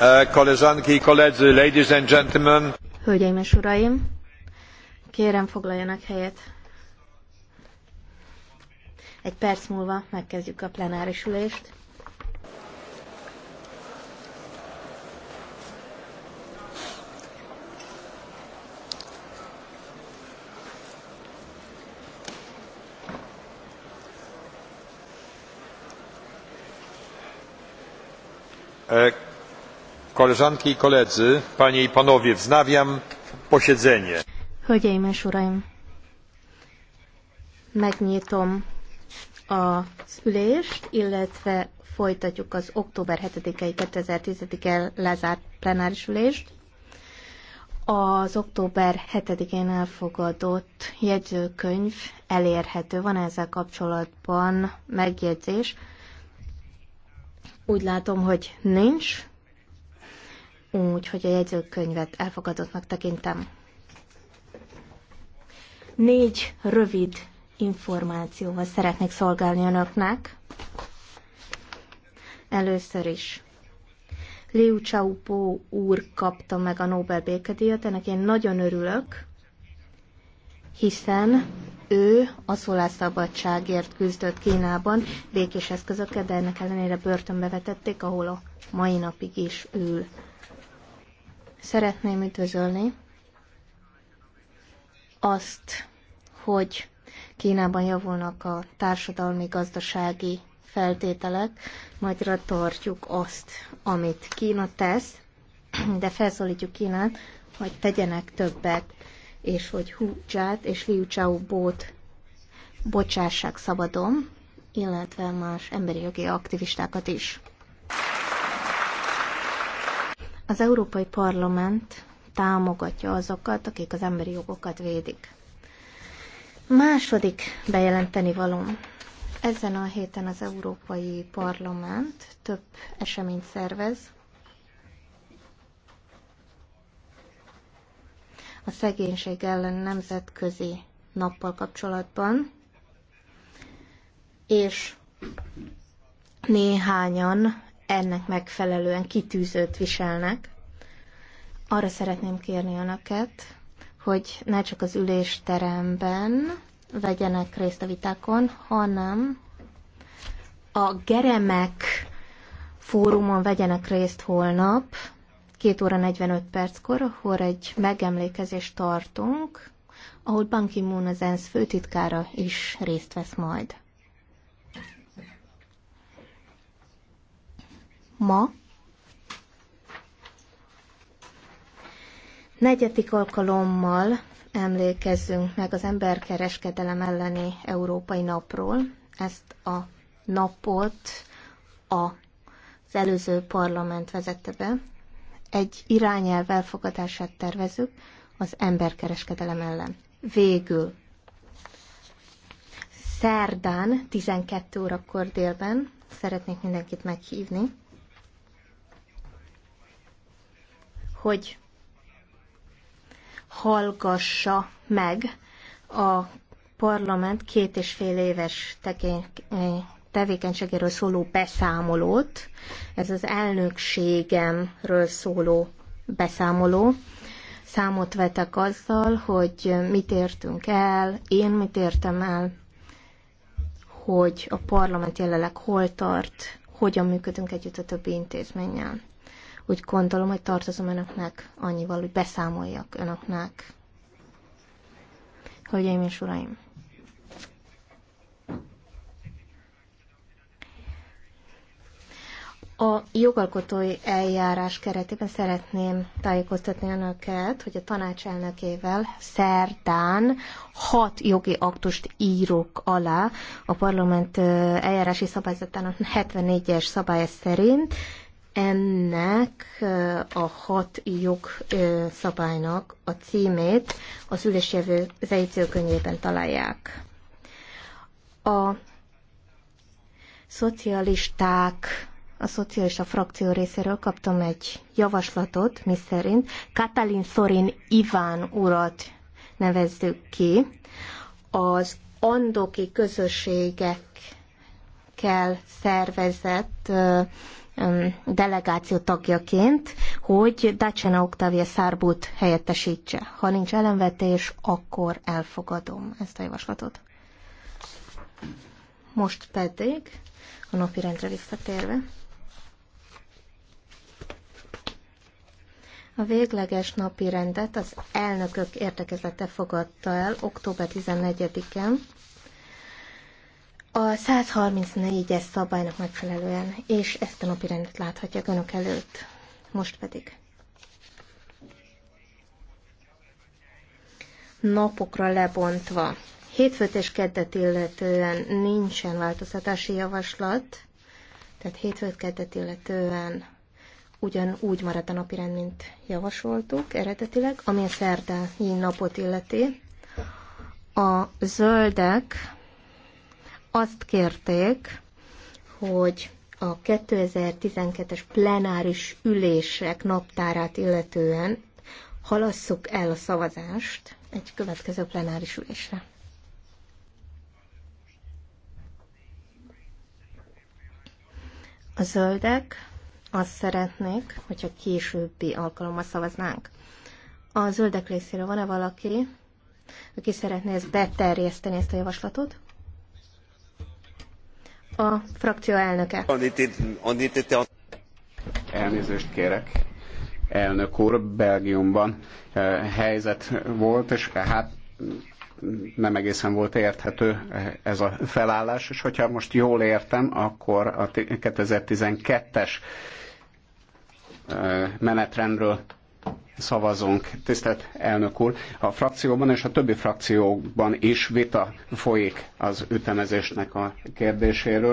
Uh, Hölgyeim és uraim, kérem foglaljanak helyet. Egy perc múlva megkezdjük a plenáris ülést. Uh, koleżanki i koledzy panie i panowie wznawiam posiedzenie hölgyeim és uraim megnyitom az ülést illetve folytatjuk az október 7-i 2010-el lezárt plenáris ülést az október 7-én elfogadott jegyzőkönyv elérhető. Van ezzel kapcsolatban megjegyzés? Úgy látom, hogy nincs úgy, hogy a jegyzőkönyvet elfogadottnak tekintem. Négy rövid információval szeretnék szolgálni önöknek. Először is. Liu Chaupo úr kapta meg a Nobel békedíjat, ennek én nagyon örülök, hiszen ő a szólásszabadságért küzdött Kínában békés eszközöket, de ennek ellenére börtönbe vetették, ahol a mai napig is ül. Szeretném üdvözölni azt, hogy Kínában javulnak a társadalmi gazdasági feltételek, majd tartjuk azt, amit Kína tesz, de felszólítjuk Kínát, hogy tegyenek többet, és hogy Hu Ját és Liu Bót bocsássák szabadon, illetve más emberi jogi aktivistákat is. Az Európai Parlament támogatja azokat, akik az emberi jogokat védik. Második bejelenteni valom. Ezen a héten az Európai Parlament több eseményt szervez. A szegénység ellen nemzetközi nappal kapcsolatban, és néhányan ennek megfelelően kitűzött viselnek. Arra szeretném kérni önöket, hogy ne csak az ülésteremben vegyenek részt a vitákon, hanem a Geremek fórumon vegyenek részt holnap, 2 óra 45 perckor, ahol egy megemlékezést tartunk, ahol Ban Ki-moon az ENSZ főtitkára is részt vesz majd. ma negyedik alkalommal emlékezzünk meg az emberkereskedelem elleni Európai Napról. Ezt a napot a az előző parlament vezette be. Egy irányelv elfogadását tervezük az emberkereskedelem ellen. Végül szerdán 12 órakor délben szeretnék mindenkit meghívni. hogy hallgassa meg a parlament két és fél éves tevékenységéről szóló beszámolót. Ez az elnökségemről szóló beszámoló. Számot vetek azzal, hogy mit értünk el, én mit értem el, hogy a parlament jelenleg hol tart, hogyan működünk együtt a többi intézménnyel. Úgy gondolom, hogy tartozom önöknek annyival, hogy beszámoljak önöknek. Hölgyeim és uraim! A jogalkotói eljárás keretében szeretném tájékoztatni önöket, hogy a tanács elnökével szerdán hat jogi aktust írok alá a parlament eljárási szabályzatának 74-es szabálya szerint, ennek a hat jogszabálynak a címét az ülésjelvő zejtőkönyvében találják. A szocialisták, a szocialista frakció részéről kaptam egy javaslatot, szerint Katalin Szorin Iván urat nevezzük ki az andoki közösségek kell szervezett delegáció tagjaként, hogy Dacena Octavia Szárbút helyettesítse. Ha nincs ellenvetés, akkor elfogadom ezt a javaslatot. Most pedig a napi rendre visszatérve. A végleges napi rendet az elnökök értekezete fogadta el október 14-en a 134-es szabálynak megfelelően, és ezt a napi rendet láthatják önök előtt. Most pedig. Napokra lebontva. Hétfőt és keddet illetően nincsen változtatási javaslat, tehát hétfőt keddet illetően ugyanúgy marad a napirend, mint javasoltuk eredetileg, ami a szerdai napot illeti. A zöldek azt kérték, hogy a 2012-es plenáris ülések naptárát illetően halasszuk el a szavazást egy következő plenáris ülésre. A zöldek azt szeretnék, hogyha későbbi alkalommal szavaznánk. A zöldek részéről van-e valaki, aki szeretné ezt beterjeszteni, ezt a javaslatot? a frakció elnöke. Elnézést kérek, elnök úr, Belgiumban eh, helyzet volt, és eh, hát nem egészen volt érthető eh, ez a felállás, és hogyha most jól értem, akkor a 2012-es menetrendről szavazunk, tisztelt elnök úr. A frakcióban és a többi frakcióban is vita folyik az ütemezésnek a kérdéséről.